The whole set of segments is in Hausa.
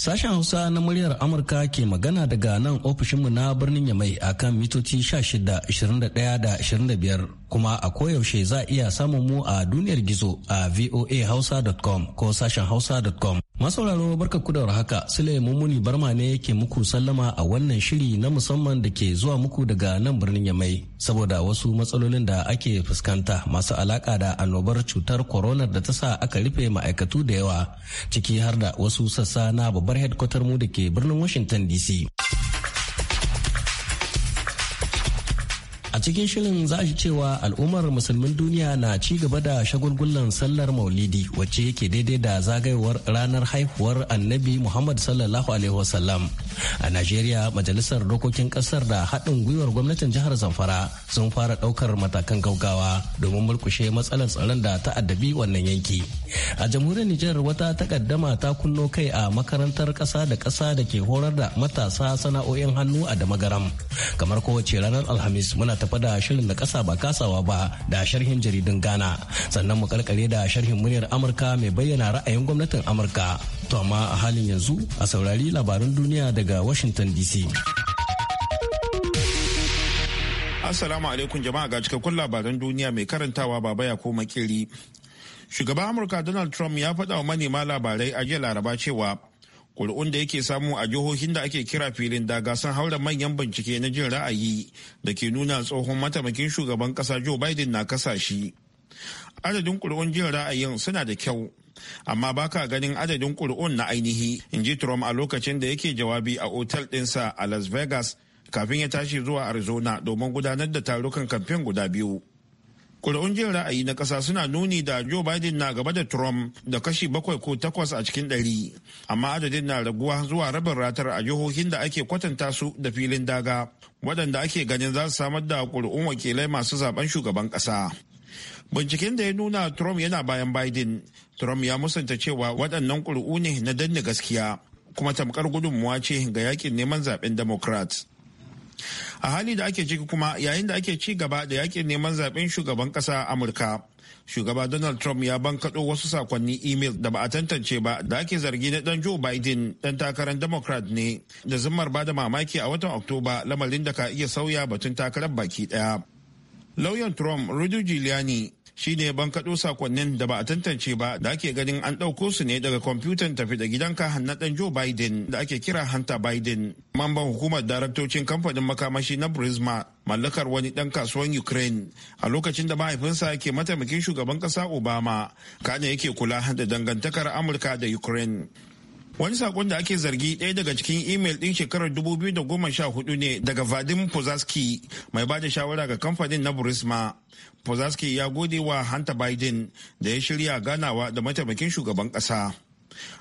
Sashen Hausa na muryar Amurka ke magana daga nan ofishinmu na birnin Yamai akan mitoci 16, 21 da 25. kuma a koyaushe za a iya samun mu a duniyar gizo a voahausa.com ko sashen hausa.com. Masauraro barka kudawar haka Sule Mummuni Barma ne yake muku sallama a wannan shiri na musamman da ke zuwa muku daga nan birnin Yamai saboda wasu matsalolin da ake fuskanta masu alaka da annobar cutar corona da ta sa aka rufe ma'aikatu da yawa ciki har da wasu sassa na babbar headquarter mu da ke birnin Washington DC. A cikin shirin za shi cewa al'ummar musulmin duniya na ci gaba da shagulgulan sallar maulidi wacce yake daidai da zagayowar ranar haihuwar annabi Muhammad sallallahu Alaihi wasallam. A Najeriya majalisar dokokin kasar da haɗin gwiwar gwamnatin jihar Zamfara sun fara ɗaukar matakan gaugawa domin mulkushe matsalar tsaron da ta'addabi wannan yanki. A jamhuriyar Nijar wata takaddama ta kunno kai a makarantar ƙasa da ƙasa da ke horar da matasa sana'o'in hannu a Damagaram. Kamar kowace ranar Alhamis muna tafa da shirin da kasa ba kasawa ba da sharhin jaridun Ghana sannan mu karkare da sharhin muryar Amurka mai bayyana ra'ayin gwamnatin Amurka to amma a halin yanzu a saurari labarun duniya daga Washington DC Assalamu alaikum jama'a ga cikakkun labaran duniya mai karantawa baba ya ko makiri Shugaban Amurka Donald Trump ya faɗa wa manema labarai a jiya Laraba cewa kuri'un da yake samu a jihohin da ake kira filin daga sun haura manyan bincike na jin ra'ayi da ke nuna tsohon mataimakin shugaban kasa joe biden na kasashe adadin ƙuri'un jin ra'ayin suna da kyau amma baka ganin adadin ƙuri'un na ainihi in ji trump a lokacin da yake jawabi a otal ɗinsa a las vegas kafin ya tashi zuwa arizona domin gudanar da tarukan kamfen guda biyu Ƙuri'un jin ra'ayi na ƙasa suna nuni da Joe Biden na gaba da Trump da kashi bakwai ko takwas a cikin ɗari, amma adadin na raguwa zuwa rabin ratar a jihohin da ake kwatanta su da filin daga, waɗanda ake ganin za su samar da ƙuri'un wakilai masu zaben shugaban ƙasa. Binciken da ya nuna Trump yana bayan Biden, Trump ya musanta cewa waɗannan ƙuri'u ne na danne gaskiya, kuma tamkar gudunmuwa ce ga yakin neman zaben Democrats. a hali da ake ciki kuma yayin da ake ci gaba da yakin neman zaben shugaban kasa amurka shugaba donald trump ya bankaɗo wasu sakonni imel da ba a tantance ba da ake zargi na dan joe biden dan takarar democrat ne da zimmar ba da mamaki a watan oktoba lamarin da ka iya sauya batun takarar baki daya lauyan trump rudy giuliani Shi ne shine kaɗo sakonnin da ba a tantance ba da ake ganin an ɗauko su ne daga kwamfutan tafi da gidanka na ɗan Joe Biden da ake kira Hunter Biden. Mamban hukumar daraktocin kamfanin makamashi na Burisma mallakar wani ɗan kasuwan Ukraine a lokacin da mahaifinsa ke mataimakin shugaban ƙasa Obama kane yake kula da dangantakar Amurka da Ukraine. wani sakon da ake zargi ɗaya daga cikin imel ɗin shekarar 2014 ne daga vadim pozaski mai bada shawara ga kamfanin na burisma pozaski ya gode wa hanta biden da ya shirya ganawa da mataimakin shugaban ƙasa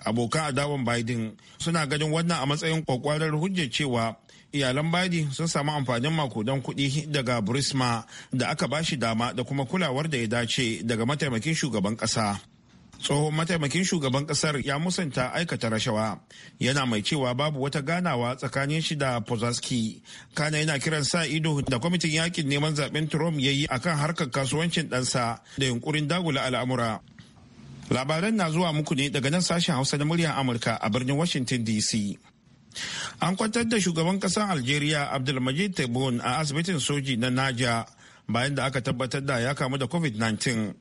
abokan adawan biden suna ganin wannan a matsayin kwakwarar hujjar cewa iyalan biden sun samu amfanin makudan kuɗi daga burisma da aka bashi dama da kuma kulawar da ya dace daga mataimakin shugaban ƙasa tsohon mataimakin shugaban kasar ya musanta aikata rashawa yana mai cewa babu wata ganawa tsakanin shi da pozaski kana yana kiran sa ido da kwamitin yakin neman zaben trump ya yi akan harkar kasuwancin ɗansa da yunkurin dagula al'amura labaran na zuwa muku ne daga nan sashen hausa na muryar amurka a birnin washington dc an kwantar da shugaban kasar algeria abdulmajid tebun a asibitin soji na naja bayan da aka tabbatar da ya kamu da covid-19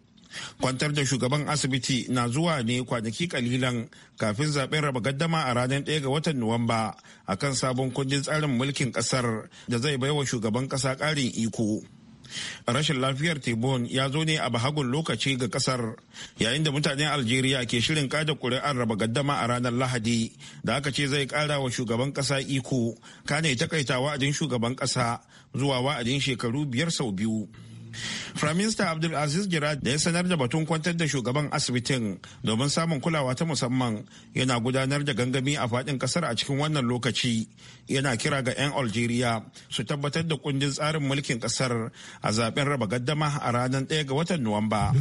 kwantar da shugaban asibiti na zuwa ne kwanaki kalilan kafin zaben raba gaddama a ranar 1 ga watan nuwamba a kan sabon kundin tsarin mulkin kasar da zai baiwa shugaban kasa karin iko rashin lafiyar tebon ya zo ne a bahagun lokaci ga kasar yayin da mutanen algeria ke shirin kada kuri'ar raba gaddama a ranar lahadi da aka ce zai kara wa shugaban kasa iko kane takaita wa'adin shugaban kasa zuwa wa'adin shekaru biyar sau biyu Firaminista Abdulaziz Jirad da ya sanar da batun kwantar da shugaban asibitin domin samun kulawa ta musamman yana gudanar da gangami a fadin kasar a cikin wannan lokaci yana kira ga 'yan Algeria su tabbatar da kundin tsarin mulkin kasar a zaben raba gaddama a ranar 1 ga watan Nuwamba.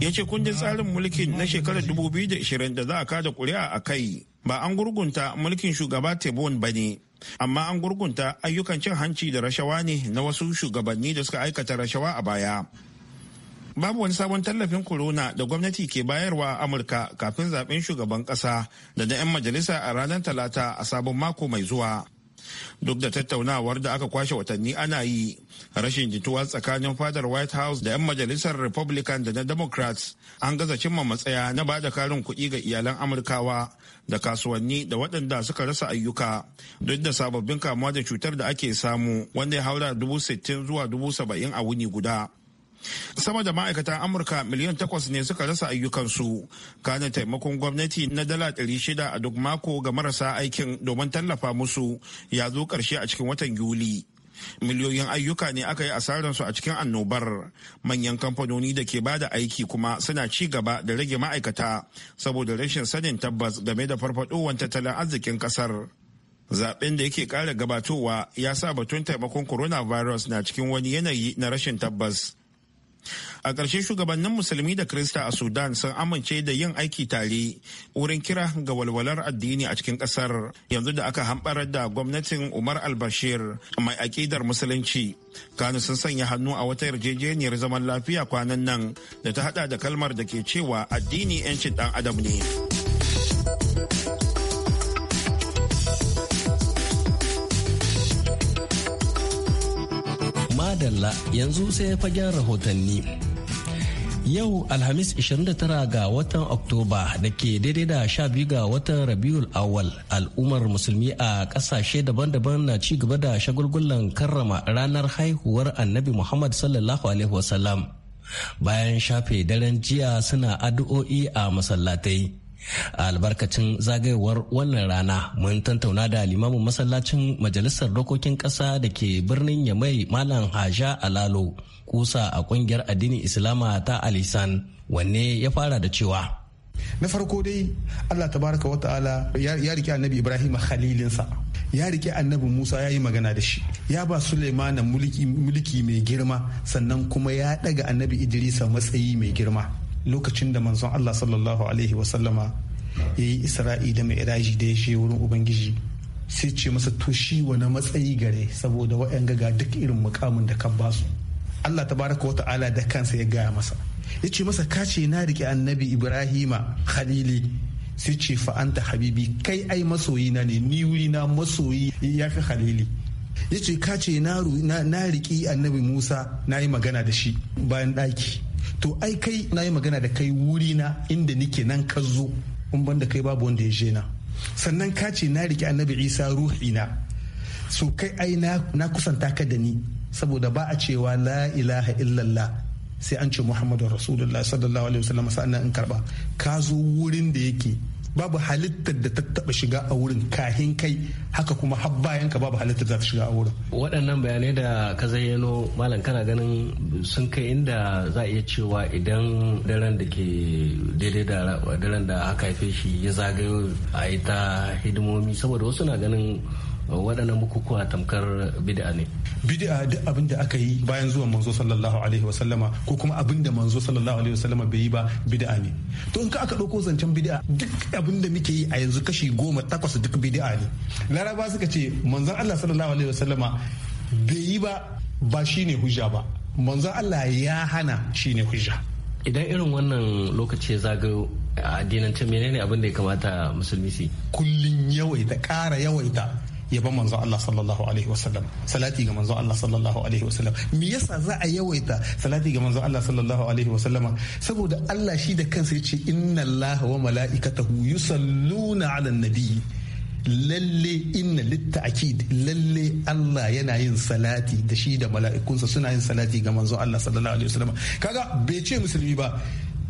Ya ce kundin tsarin mulkin na shekarar 2020 da za a kada kuri'a a kai ba an gurgunta mulkin shugaba Tebon ba ne. amma an gurgunta ayyukan cin hanci da rashawa ne na wasu shugabanni da suka aikata rashawa a baya babu wani sabon tallafin corona da gwamnati ke bayarwa amurka kafin zaben shugaban kasa da na 'yan majalisa a ranar talata a sabon mako mai zuwa duk da tattaunawar da aka kwashe watanni ana yi rashin jituwa tsakanin fadar white house da 'yan majalisar republican da na democrats an gaza cimma matsaya na bada karin kuɗi ga iyalan amurkawa da kasuwanni da waɗanda suka rasa ayyuka duk da sababbin kamuwa da cutar da ake samu wanda ya haura dubu sittin zuwa dubu saba'in a wuni guda sama da ma'aikatan amurka miliyan takwas ne suka rasa ayyukansu kanin taimakon gwamnati na dala ɗari shida a duk mako ga marasa aikin domin tallafa musu ya zo ƙarshe a cikin watan yuli miliyoyin ayyuka ne aka yi asararsu a cikin annobar manyan kamfanoni da ke bada aiki kuma suna ci gaba da rage ma'aikata saboda rashin sanin tabbas game da farfadowar tattalin arzikin kasar zaben da yake kara gabatowa ya sa batun taimakon coronavirus na cikin wani yanayi na rashin tabbas a ƙarshe shugabannin musulmi da krista a sudan sun amince da yin aiki tare wurin kira ga walwalar addini a cikin ƙasar yanzu da aka hambarar da gwamnatin umar al mai aƙidar musulunci kanu sun sanya hannu a wata yarjejeniyar zaman lafiya kwanan nan da ta hada da kalmar da ke cewa addini 'yancin ɗan adam ne Dalla yanzu sai fagen rahotanni. Yau Alhamis 29 ga watan Oktoba da ke daidai da 12 ga watan Rabiul Awal al'ummar musulmi a ƙasashe daban-daban na ci gaba da shagulgulan karrama ranar haihuwar Annabi Muhammad sallallahu alaihi wasallam. Bayan shafe daren jiya suna addu'o'i a masallatai. A albarkacin zagayowar wannan rana mun tantauna da limamin masallacin majalisar dokokin ƙasa da ke birnin yamai malam haja alalo kusa a ƙungiyar addinin islama ta alisan wanne ya fara da cewa na farko dai allah tabaraka wa ta'ala ya rike annabi ibrahim khalilinsa ya rike annabi musa ya yi magana da shi ya ba suleimana mulki mai girma sannan kuma ya daga annabi idrisa matsayi mai girma lokacin da manzon Allah sallallahu alaihi wasallama ya yi isra'i da mai iraji da ya je wurin ubangiji sai ce masa to shi wani matsayi gare saboda wa'yan gaga duk irin mukamin da ka basu Allah Ta baraka wata ala da kansa ya gaya masa ya ce masa ka ce na rike annabi ibrahima khalili sai ce fa habibi kai ai masoyi na ne ni wuri na masoyi ya fi khalili ya ce ka ce na riƙi annabi musa na yi magana da shi bayan ɗaki to ai kai na yi magana da kai wuri na inda nike nan ka zo in ban da kai babu wanda ya je na sannan ka ce na riƙe annabi isa ruhi na so kai ai na kusanta ka da ni saboda ba a cewa la ilaha illallah sai an ce muhammadu rasulullah sallallahu alaihi wasallam nan in karba ka zo wurin da yake babu halittar da ta taba shiga a wurin kahin kai haka kuma har bayan ka babu halittar za ta shiga a wurin waɗannan bayanai da ka zayyano malam kana ganin sun kai inda za a iya cewa idan daren da ke daidai da daren da aka haife shi ya zagayo a ita hidimomi saboda wasu na ganin waɗannan bukukuwa tamkar bid'a ne bid'a duk abin da aka yi bayan zuwan manzo sallallahu alaihi wasallama ko kuma abin da manzo sallallahu alaihi wasallama bai yi ba bid'a ne to in ka aka ɗauko zancen bid'a duk abin da muke yi a yanzu kashi goma takwas duk bid'a ne laraba suka ce manzon Allah sallallahu alaihi wasallama bai yi ba ba shine hujja ba manzon Allah ya hana shine hujja idan irin wannan lokaci ya zagayo a addinance menene abin da ya kamata musulmi su kullun yawaita kara yawaita yaban manzon Allah sallallahu alaihi wasallam salati ga manzon Allah sallallahu alaihi wasallam me yasa za a yawaita salati ga manzon Allah sallallahu alaihi wasallam saboda Allah shi da kansa yace inna Allah wa mala'ikatahu yusalluna 'alan nabi lalle inna litta'kid lalle Allah yana yin salati da shi da mala'ikunsa suna yin salati ga manzon Allah sallallahu alaihi wasallam kaga bai ce musulmi ba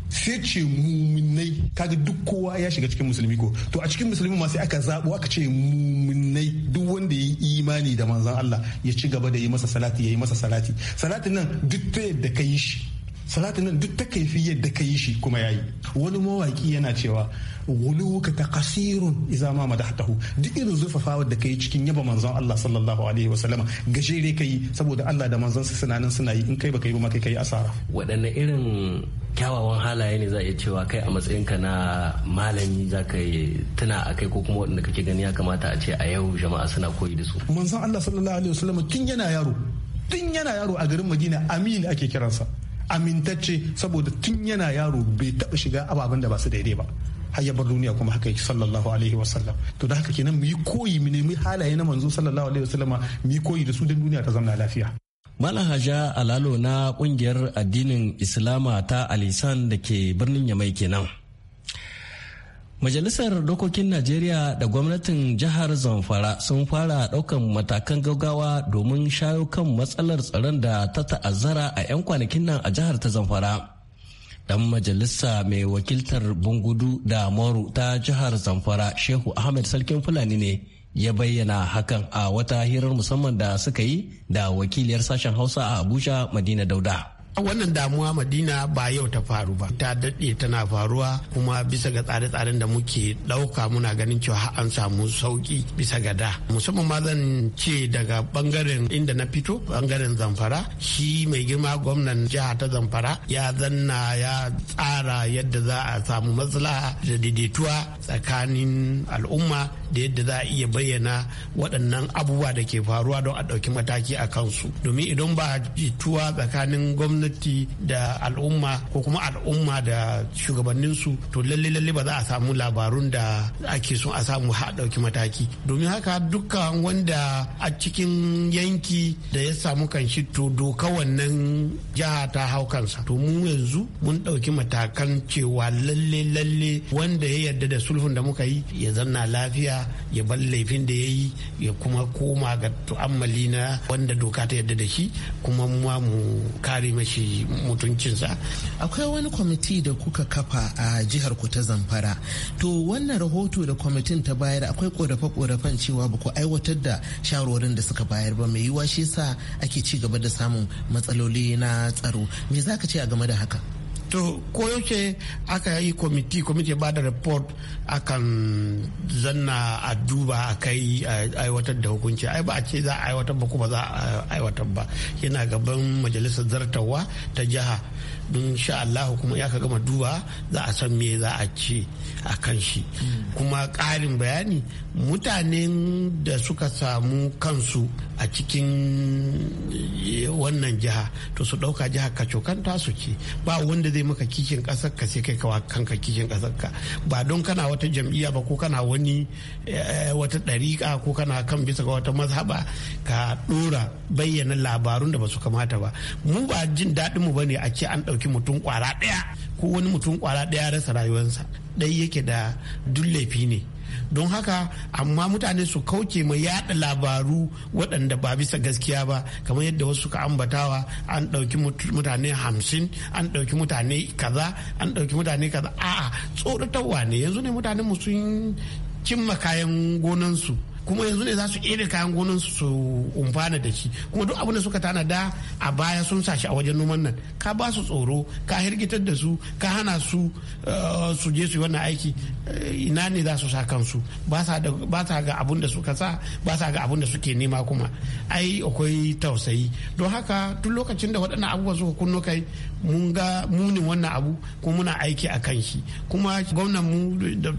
sai ce muminai kaga duk kowa ya shiga cikin musulmi ko to a cikin musulmi ma sai aka zabo aka ce muminai duk wanda ya yi imani da manzon Allah ya ci gaba da yi masa salati ya yi masa salati salatin nan duk ta yadda ka yi shi Salatu nan duk ta kaifi yadda ka yi shi kuma yayi wani mawaki yana cewa wuluka ta kasirun iza ma madahtahu duk irin zufafawa da kai cikin yaba manzon Allah sallallahu alaihi wa sallama gajere kai saboda Allah da manzon sa suna nan suna yi in kai baka yi ba ma kai kai asara Wadanne irin kyawawan halaye ne za a cewa kai a matsayinka na malami za ka yi tuna a kai ko kuma waɗanda kake gani ya kamata a ce a yau jama'a suna koyi da su manzon Allah sallallahu alaihi wa sallama tun yana yaro tun yana yaro a garin Madina Amin ake kiransa amintacce saboda tun yana yaro bai taɓa shiga ababen da ba su daidai ba har ya bar duniya kuma haka yake sallallahu alaihi wasallam to da haka kenan mu yi koyi mu nemi halaye na manzo sallallahu alaihi wasallam mu yi koyi da su don duniya ta zama lafiya Malam Haja Alalo na kungiyar addinin Islama ta Alisan da ke birnin Yamai kenan. Majalisar Dokokin Najeriya da gwamnatin jihar Zamfara sun fara ɗaukan matakan gaggawa domin shayo kan matsalar tsaron da ta ta'azzara a 'yan kwanakin nan a jihar ta Zamfara. Dan majalisa mai wakiltar Bungudu da Moru ta jihar Zamfara Shehu Ahmed Sarkin Fulani ne ya bayyana hakan a wata hirar musamman da suka yi da wakiliyar sashen Hausa a Abuja Madina Dauda. wannan damuwa madina ba yau ta faru ba ta daɗe tana faruwa kuma bisa ga tsare-tsaren da muke ɗauka muna ganin cewa an samu sauki bisa ga da musamman ma zan ce daga ɓangaren inda na fito ɓangaren zamfara shi mai girma gwamnan jiha ta zamfara ya zanna ya tsara yadda za a samu matsala da daidaituwa tsakanin al'umma da yadda za a iya bayyana waɗannan abubuwa da ke faruwa don a ɗauki mataki a kansu domin idan ba jituwa tsakanin gwamnati gwamnati da al'umma ko kuma al'umma da shugabanninsu to lalle lalle ba za a samu labarun da ake so a samu ha ɗauki mataki domin haka dukkan wanda a cikin yanki da ya samu kanshi to doka wannan jiha ta hau kansa to mu yanzu mun ɗauki matakan cewa lalle lalle wanda ya yarda da sulhun da muka yi ya zanna lafiya ya bar laifin da ya yi ya kuma koma ga tu'ammali na wanda doka ta yarda da shi kuma mu kare mashi mutuncinsa akwai wani kwamiti da kuka kafa a jihar ku ta zamfara to wannan rahoto da kwamitin ta bayar akwai korafe korafen cewa ba ku aiwatar da shawarwarin da suka bayar ba mai yiwuwa shi sa ake ci gaba da samun matsaloli na tsaro me za ka ce a game da haka to koyaushe aka yi kwamiti kwamiti ba da report akan zanna a duba a kai aiwatar da hukunci ai ba a ce za a aiwatar ba kuma za a aiwatar ba yana gaban majalisar zartawa ta jiha don sha Allah kuma ya ka gama duba za a san me za a ce a kan shi hmm. kuma ƙarin bayani mutanen da suka samu kansu a cikin wannan jiha to su ɗauka jiha ka cokan tasu ce ba wanda zai maka kishin ƙasar ka sai kai kawa kanka kishin ƙasar ka ba don kana wata jam'iyya ba ko kana wani eh, wata ɗariƙa ko kana kan bisa ga wata mazhaba ka ɗora bayyana labarun da ba su kamata ba mu ba jin daɗin mu bane a ce an ɗauki mutum kwara ɗaya ko wani mutum kwara ɗaya rasa rayuwarsa ɗaya yake da dun laifi ne don haka amma mutane su kauce ma yada labaru waɗanda ba bisa gaskiya ba kamar yadda wasu ka ambatawa an ɗauki mutane hamsin an ɗauki mutane kaza an ɗauki mutane kaza a'a tsoratarwa ne yanzu ne mutanen mu sun cimma kayan gonansu kuma yanzu ne za su iri kayan gonan su umfana da shi kuma duk abin da suka tana da a baya sun sa shi a wajen noman nan ka ba su tsoro ka hirgitar da su ka hana su eh, su je su yi wannan aiki eh, ina ne za su sa kansu ba sa ga abin da suka sa ba sa ga abin da suke nema kuma ai akwai tausayi don haka tun lokacin da waɗannan abubuwa suka kunno kai mun ga munin wannan abu kuma muna aiki a kan shi kuma gwamnan mu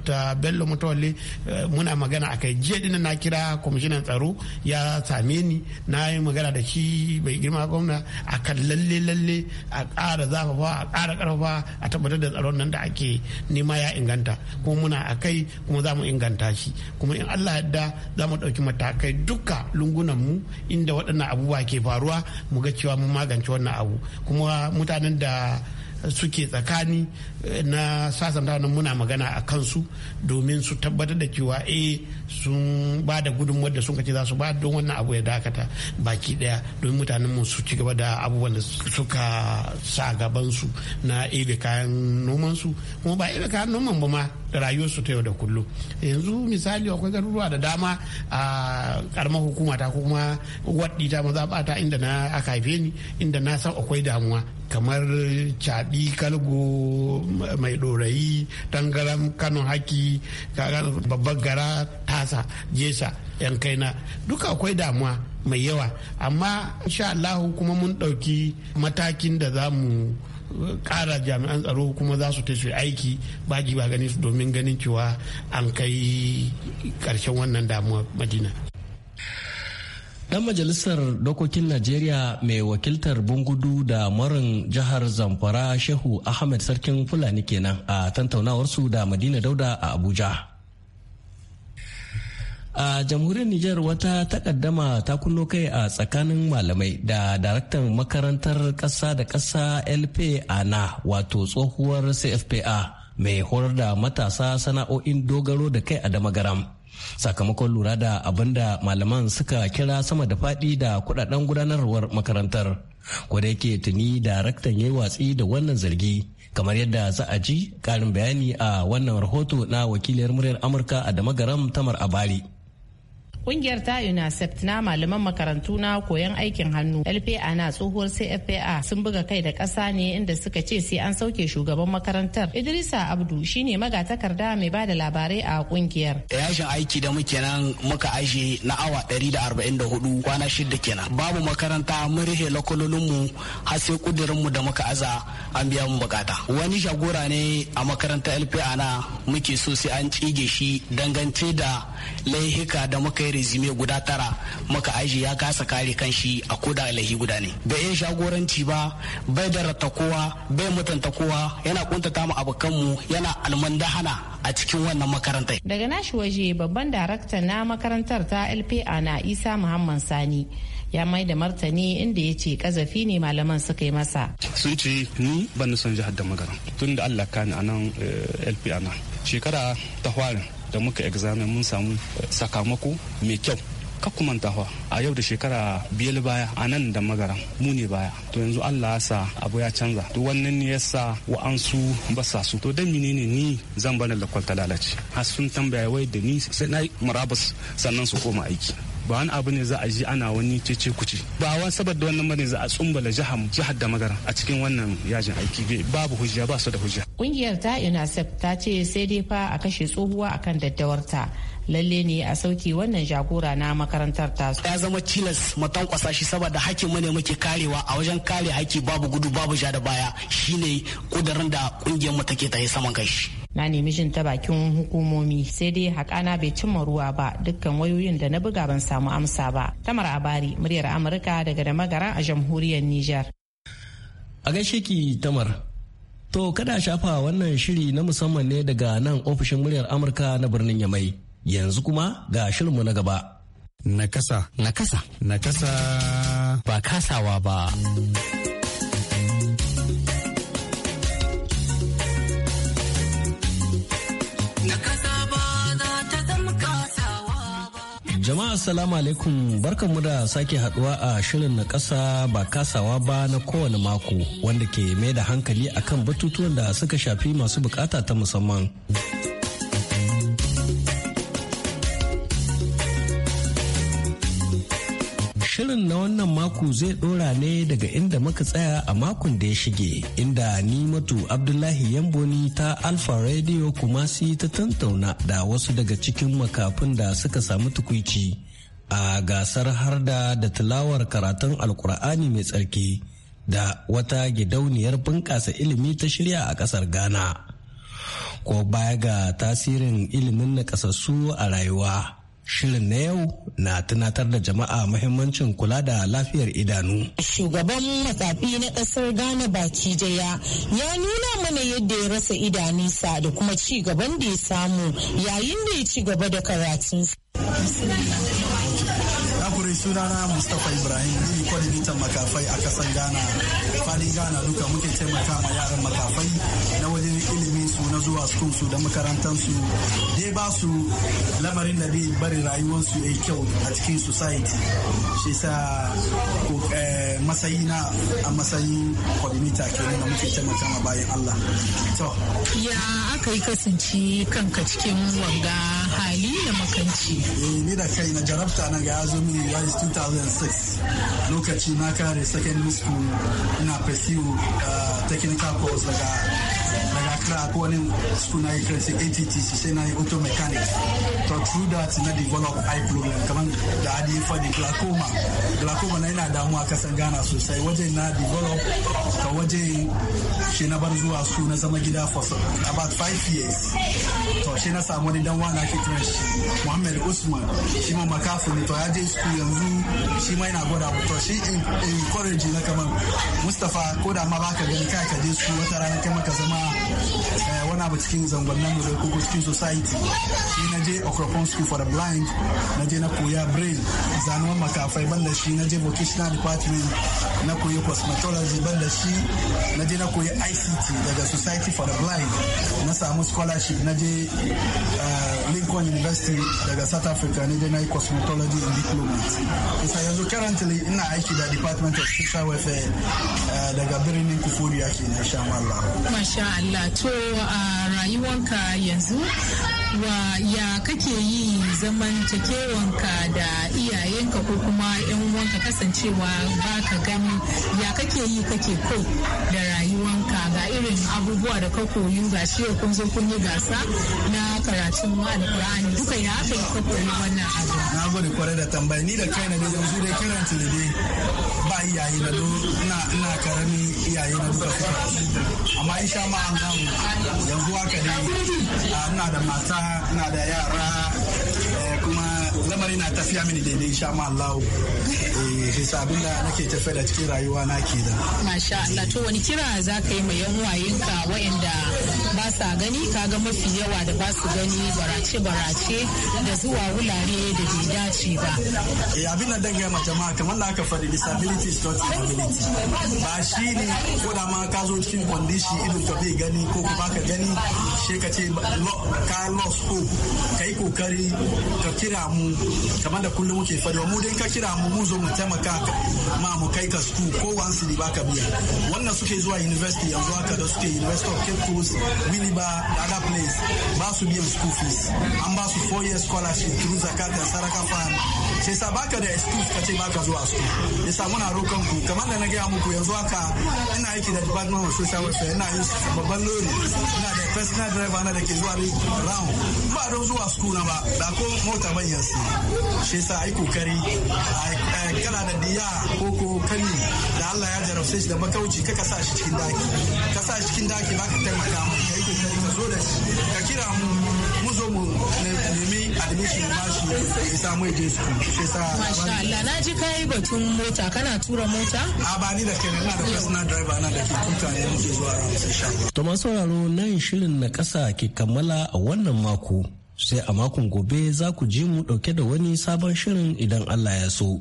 da bello mutawalle eh, muna magana a kai jiya dinnan na kira kwamishinan tsaro ya same ni na yi magana da shi bai girma gwamna a kan lalle lalle a ƙara zafafa a ƙara ƙarfafa a tabbatar da tsaron nan da ake nema ya inganta kuma muna a kai kuma za mu inganta shi kuma in Allah yadda za mu ɗauki matakai duka lungunan mu inda waɗannan abubuwa ke faruwa mu ga cewa mun magance wannan abu kuma mutanen da suke tsakani eh, na sasanta ranar muna magana a kansu domin su tabbatar da cewa eh sun ba da gudun wadda sun kace za su ba don wannan abu ya dakata baki daya domin mutanen mu su ci gaba da abubuwan da suka sa gabansu na ebe kayan nomansu kuma ba ebe kayan noman ba ma da rayuwarsu ta yau da kullum yanzu misali akwai garuruwa da dama a karamar hukuma ta kuma waɗi ta maza bata inda na aka haife ni inda na san akwai damuwa kamar caɓi kalgo mai ɗorayi tangaram kano haki babbar gara tasa jesa yan kaina duka akwai damuwa mai yawa amma insha allahu kuma mun ɗauki matakin da za mu kara jami'an tsaro kuma za su tashi aiki ba ba gani su domin ganin cewa an kai karshen wannan damuwa madina Dan majalisar dokokin Najeriya mai wakiltar Bungudu da marin jihar Zamfara Shehu Ahmed Sarkin Fulani kenan a tantaunawarsu da Madina Dauda a Abuja. a jamhuriyar Nijar wata takaddama ta kullo kai a tsakanin malamai da daraktan makarantar ƙasa da ƙasa LPANA wato tsohuwar CFPA mai horar da matasa sana'o'in dogaro da kai a damagaram. sakamakon lura da abin da malaman suka kira sama da faɗi da kudaden gudanarwar makarantar da yake tuni daraktan ya yi watsi da wannan zargi kamar yadda za a ji karin bayani a wannan rahoto na wakiliyar muryar amurka a damagaram tamar abari. Kungiyar ta UNICEF na malaman makarantu na koyon aikin hannu LPA na tsohuwar CFPA sun buga kai da ƙasa ne inda suka ce sai an sauke shugaban makarantar. Idrisa Abdu shine magatakarda mai bada labarai a kungiyar. Yashin aiki da muke nan muka aje na awa hudu kwana shida kenan. Babu makaranta mun rihe mu har sai kudurinmu da muka aza an biya mu bukata. Wani shagora ne a makarantar LPA na muke so sai an tsige shi dangance da laihika da muka yi resume guda tara maka aji ya kasa kare kanshi a koda alahi guda ne bai iya shagoranci ba bai darata kowa bai mutunta kowa yana kuntata mu abokanmu yana almandahana a cikin wannan makarantar daga nashi waje babban darakta na makarantar ta lpa na isa muhammad sani ya mai da martani inda ya ce kazafi ne malaman suka yi masa. Sun ce ni ban son jihar da magana tun da Allah kani a nan eh, LP na Shekara ta hwarin da muka examen mun samu eh, sakamako mai kyau kakumanta fa a yau da shekara biyar baya a nan da magara mu ne baya to yanzu allah ya sa abu ya canza to wannan ne ya sa wa'ansu ba sa su to dan menene ni zan bana lakwalta lalace har sun tambaya wai da ni sai na marabus sannan su koma aiki ba wani abu ne za a ji ana wani cece kuce ba wani saboda wannan bane za a tsumbala jihar jihar da magara a cikin wannan yajin aiki babu hujja ba su da hujja kungiyar ta UNICEF ta ce sai dai fa a kashe tsohuwa akan daddawarta lalle ne a sauki wannan jagora na makarantar tasu ya zama tilas matan kwasa shi saboda hakkin mu ne muke karewa a wajen kare haki babu gudu babu ja da baya shine kudarin da kungiyar mu take ta yi saman kai na nemi jin ta bakin hukumomi sai dai hakana bai cimma ruwa ba dukkan wayoyin da na buga ban samu amsa ba tamar abari muryar amurka daga da magara a jamhuriyar niger a gaishe ki tamar to kada shafa wannan shiri na musamman ne daga nan ofishin muryar amurka na birnin yamai Yanzu kuma ga shirinmu na gaba. Nakasa. Nakasa. Nakasa. Ba kasawa ba. Jama'a salamu alaikum barkanmu da sake haduwa a shirin na kasa ba kasawa ba na kowane mako wanda ke mai da hankali akan batutuwan da suka shafi masu bukata ta musamman. ku zai dora ne daga inda muka tsaya a makon da ya shige inda nimatu abdullahi yamboni ta alfa radio kumasi ta tantauna da wasu daga cikin makafin da suka samu tukuici a gasar harda da tilawar karatun alkur'ani mai tsarki da wata gidauniyar bunƙasa ilimi ta shirya a ƙasar ghana ko baya ga tasirin ilimin nakasassu a rayuwa shirin na yau na tunatar da jama'a muhimmancin kula da lafiyar idanu. Shugaban matsafi na ƙasar Ghana baki daya ya nuna mana yadda ya rasa idanunsa da kuma ci gaban da ya samu yayin da ya ci gaba da karatunsa. dai sunana Mustapha Ibrahim ni kwadinitan makafai a kasan Ghana fadin Ghana duka muke taimaka ma yaran makafai na wajen ilimi su na zuwa school su da makarantansu. su dai ba su lamarin da zai bari rayuwarsu ya yi kyau a cikin society shi sa eh, masayi na a matsayin kwadinita ke da muke taimaka ma bayan Allah to ya aka yi kasance kanka cikin wanga hali da makanci eh, ni da kai na jarabta na ga ya zo mini college 2006 lokaci na kare secondary school ina pursue uh, technical course daga daga Accra ko wani school na ikira ATT ATTC sai na auto mechanics to through that na develop eye problem kamar da adi fadi glaucoma glaucoma na yana damuwa kasan gana sosai wajen na develop ka wajen shi na bar zuwa su na zama gida for about five years sai na samu wani dan wani ake kiran shi Muhammad Usman shi ma makafu ne to ya je school yanzu shi ma yana gwada to shi in encourage na kaman mustapha ko da ma baka gani kai ka je school wata rana kai maka zama eh, wani abu cikin zangonnan mu da koko cikin society shi na je Okrofon School for the Blind na je na koya brain zanuwan makafai banda shi na je vocational department na koyi cosmetology banda shi na je na koyi ICT daga society for the blind na samu scholarship na je Uh, Lincoln University daga South Africa ne dai na yi cosmetology and diplomat. Isa yanzu currently ina aiki da Department of Social Welfare uh, daga birnin Kufuriya ke na sha Allah. Masha Allah to a uh, rayuwanka yanzu wa ya kake yi zamantakewanka da iyayenka ko kuma yan uwanka kasancewa ba ka gani ya kake yi kake ko da rayuwanka ga irin abubuwa da ka koyi ga shi kun zo kun yi gasa na karatun alkur'ani duka ya haka yi ka koyi wannan abu na gode kwarai da tambayi ni da kaina da yanzu dai kiran tilide ba iyaye na don ina karami iyaye na duka amma sha ma Allah yanzu haka dai ina da mata na da yara al'amari na tafiya mini daidai sha ma Allah hisabin eh, da nake tafiya da cikin rayuwa na ke da masha Allah to wani kira za ka yi mai yan ka waɗanda ba sa gani ka ga mafi yawa da ba su gani barace barace da zuwa wulare da bai dace ba eh abin da dangaya ma jama'a kamar da aka faɗi disability is not ba shi ne ko da ma ka zo cikin condition irin ka bai gani ko ba ka gani sai ka ce ka lost hope kai kokari ka kira mu kamar da kullum muke faɗi mu dai ka kira mu mu zo mu taimaka ma mu kai ka school ko wansu ne ba biya wannan suke zuwa university yanzu haka da suke university of cape coast winneba da other place ba su biyan school fees an ba su four years scholarship through zakat saraka fam sai sa baka da excuse ka ce baka zuwa school yasa muna rokan ku kamar da na gaya muku yanzu haka ina aiki da department of social welfare ina yin babban lori ina da personal driver na da ke zuwa round ba don zuwa school na ba da ko mota ban yansu shi sa ai kokari kana da diya ko ko kani da Allah ya jarabce shi da makauci ka kasa shi cikin daki ka sa shi cikin daki ba ka taimaka mu kai kokari ka zo da shi ka kira mu mu zo mu nemi admission ba shi ya samu ya je su shi sa masha Allah na ji kai batun mota kana tura mota a ba ni da kai na da personal driver na da ke tuta ne muke zuwa ran sai sha to masu sauraro nan shirin na kasa ke kammala a wannan mako sai a makon gobe za ku ji mu ɗauke da wani sabon shirin idan Allah ya so.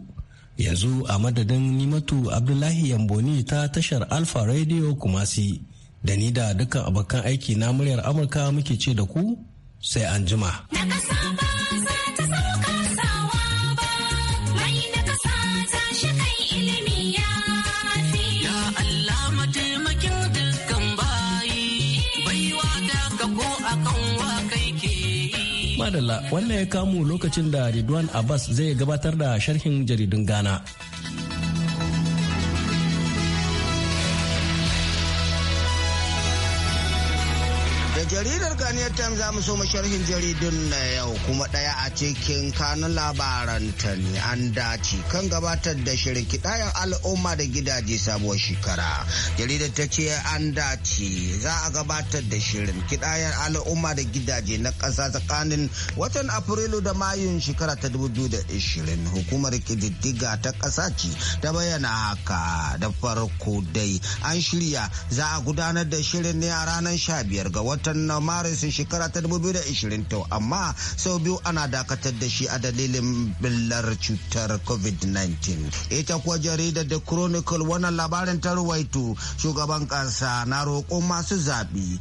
Yanzu a madadin Nimatu Abdullahi Yamboni ta tashar Alfa Radio Kumasi da ni da dukkan abokan aiki na muryar Amurka muke ce da ku sai an jima. madalla wannan ya kamu lokacin da Ridwan Abbas zai gabatar da sharhin jaridun Ghana. jaridar Ghana Times za mu so sharhin jaridun na yau kuma ɗaya cikin kanun labaranta ne an dace kan gabatar da shirin kiɗayen al'umma da gidaje sabuwar shekara jaridar ta ce an dace za a gabatar da shirin kiɗayen al'umma da gidaje na kasa tsakanin watan afrilu da mayun shekara ta 2020 hukumar kididdiga ta ƙasa ce ta bayyana haka da farko dai an shirya za a gudanar da shirin ne a ranar 15 ga watan maris shekara ta 2020 to amma sau biyu ana da dakatar da shi a dalilin billar cutar covid-19 ita kuwa jaridar the chronicle wannan labarin ta ruwaito shugaban kansa na roƙon masu zaɓi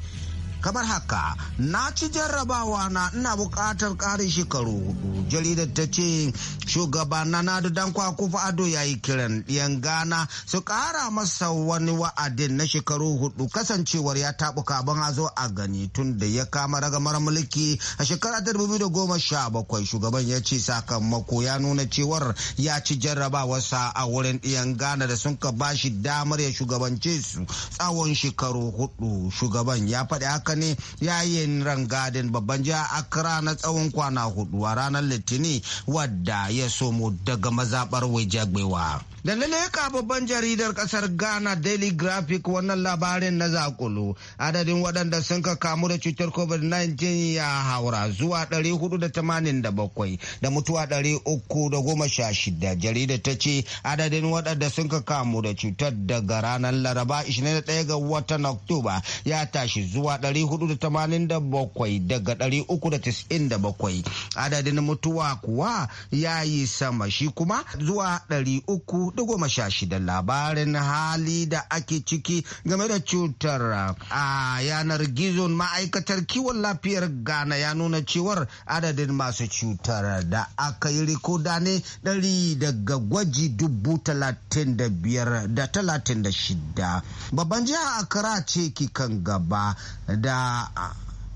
kamar haka na ci jarrabawa na ina buƙatar karin shekaru hudu jaridar ta ce shugaba na nadu dan kufa ado ya yi kiran ɗiyan ghana su kara masa wani wa'adin na shekaru hudu kasancewar ya taɓu kaban hazo a gani tun da ya kama ragamar mulki a shekarar bakwai shugaban ya ce sakamako ya nuna cewar ya ci sa a wurin ɗiyan ghana da sun ka bashi damar ya shugabance su tsawon shekaru hudu shugaban ya faɗi haka haka ne ya yi rangadin babban jiha kira na tsawon kwana hudu a ranar Litinin wadda ya somo daga mazaɓar wajagbewa. Da ka babban jaridar kasar Ghana Daily Graphic wannan labarin na zakulu adadin waɗanda sun ka kamu da cutar COVID-19 ya haura zuwa 487 da mutuwa 316. Jaridar ta ce adadin waɗanda sun ka kamu da cutar daga ranar Laraba 21 ga watan Oktoba ya tashi zuwa 487 daga 397. Adadin mutuwa kuwa ya yi sama shi kuma zuwa 300 4.16 labarin hali da ake ciki game da cutar a yanar gizon ma'aikatar kiwon lafiyar ghana ya nuna cewar adadin masu cutar da aka yi rikoda ne dari daga gwaji dubu talatin da biyar da da talatin shida babban jiha akara ce ki kan gaba da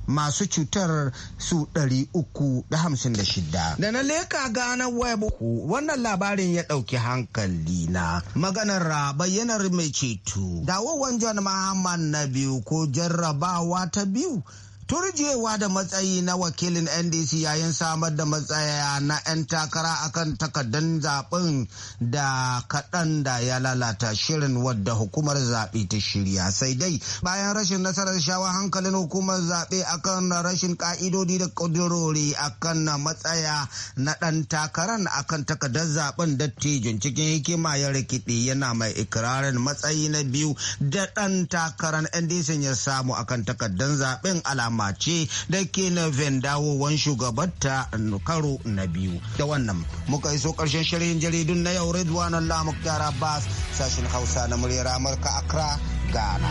masu cutar su 356 da na leka ganar web wannan labarin ya ɗauki hankali na maganar bayyanar mai ceto dawowan john Mahama na biyu ko jarrabawa ta biyu turjewa da matsayi na wakilin ndc yayin samar da matsaya na 'yan takara akan takardar zaben da kaɗan da ya lalata shirin wadda hukumar zaɓe ta shirya sai dai bayan rashin nasarar shawa hankalin hukumar zaɓe akan rashin ƙa'idodi da ƙudurori akan matsaya na ɗan takaran akan takardar zaben tijin cikin hikima ya rikide yana mai ikirarin matsayi na biyu da ɗan takaran ndc ya samu akan takardar zaɓen alama mace ce da ke nufin dawowan shugabanta karo na biyu da wannan muka iso karshen shirin jaridun na yau redwan lamuk muktar bas sashen hausa na muryar amurka accra ghana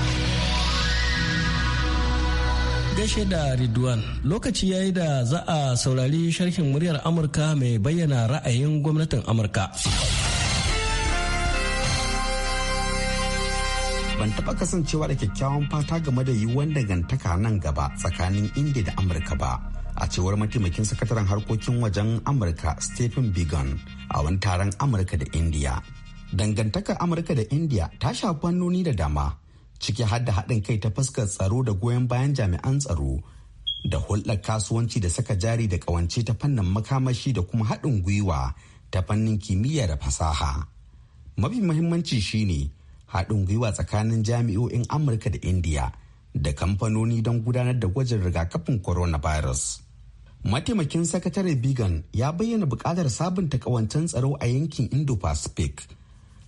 gaishe da Ridwan lokaci ya yi da za a saurari sharhin muryar Amurka mai bayyana ra'ayin gwamnatin Amurka. ban taɓa kasancewa da kyakkyawan fata game da yiwuwan dangantaka nan gaba tsakanin indiya da amurka ba a cewar mataimakin sakataren harkokin wajen amurka stephen bigon a wani taron amurka da indiya dangantakar amurka da indiya ta shafi fannoni da dama ciki har da haɗin kai ta fuskar tsaro da goyon bayan jami'an tsaro da hulɗar kasuwanci da saka jari da ƙawance ta fannin makamashi da kuma haɗin gwiwa ta fannin kimiyya da fasaha mafi muhimmanci shine haɗin gwiwa tsakanin jami'o'in amurka da indiya da kamfanoni don gudanar da gwajin rigakafin coronavirus mataimakin sakatare bigan ya bayyana buƙatar sabunta ƙawancen tsaro a yankin indo-pacific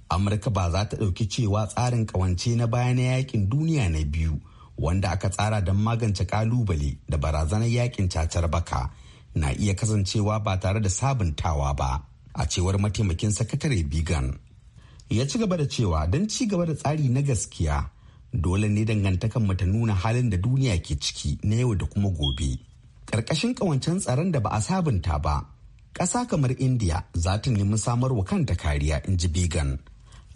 amurka ba za ta ɗauki cewa tsarin ƙawance na baya na yakin duniya na biyu wanda aka tsara don magance ƙalubale da barazanar yakin cacar baka na iya kasancewa ba tare da sabuntawa ba a cewar mataimakin sakatare bigan ya ci gaba da cewa don ci gaba da tsari na gaskiya dole ne dangantakan mu ta nuna halin da duniya ke ciki na yau da kuma gobe ƙarƙashin ƙawancen tsaron da ba a sabunta ba ƙasa kamar india za ta nemi samar wa kanta kariya in ji bigan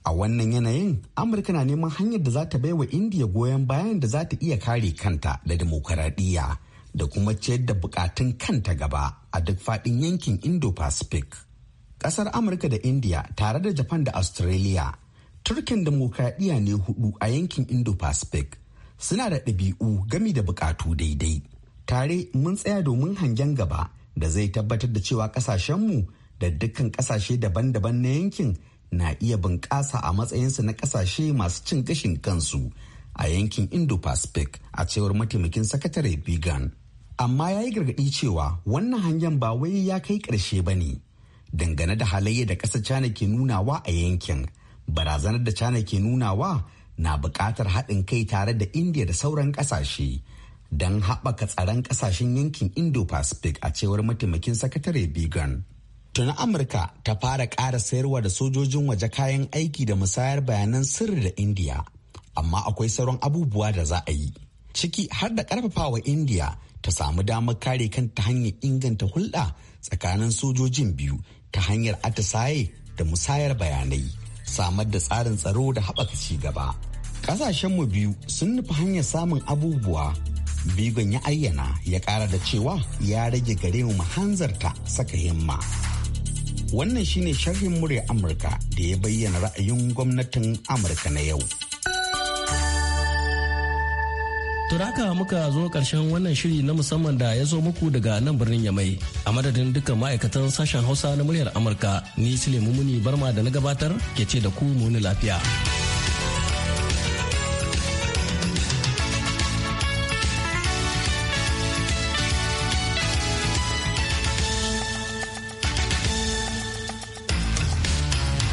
a wannan yanayin amurka na neman hanyar da za ta bai wa india goyon bayan da za ta iya kare kanta da demokaradiyya da kuma ciyar da bukatun kanta gaba a duk faɗin yankin indo-pacific kasar amurka da india tare da japan da australia turkin demokradiyya ne hudu a yankin indo-pacific suna da ɗabi'u gami da bukatu daidai tare mun tsaya domin hangen gaba da zai tabbatar da cewa ƙasashenmu da dukkan ƙasashe daban-daban na yankin na iya bunƙasa a matsayinsu na ƙasashe masu cin gashin kansu a yankin indo-pacific a cewar mataimakin sakatare bigan amma ya yi gargaɗi cewa wannan hangen ba wai ya kai ƙarshe ba ne dangane da halayya da ƙasar China ke nunawa a yankin. Barazanar da China ke nunawa na buƙatar haɗin kai tare da indiya da sauran ƙasashe don haɓaka tsaron ƙasashen yankin Indo-Pacific a cewar mataimakin sakatare Bigan. Tuna Amurka ta fara ƙara sayarwa da sojojin waje kayan aiki da musayar bayanan sirri da Indiya, amma akwai sauran abubuwa da za a yi. Ciki har da ƙarfafawa Indiya ta samu damar kare kanta hanyar inganta hulɗa tsakanin sojojin biyu ta hanyar atisaye da musayar bayanai samar da tsarin tsaro da haɓaka ci gaba ƙasashenmu biyu sun nufi hanyar samun abubuwa bigon ya ayyana ya ƙara da cewa ya rage gare mu hanzarta saka himma wannan shine sharhin murya amurka da ya bayyana ra'ayin gwamnatin amurka na yau To haka muka zo karshen wannan shiri na musamman da ya zo muku daga nan birnin Yamai. A madadin dukkan ma'aikatan sashen Hausa na muryar Amurka, ni Sule Mumuni Barma da na gabatar ke ce da ku muni lafiya.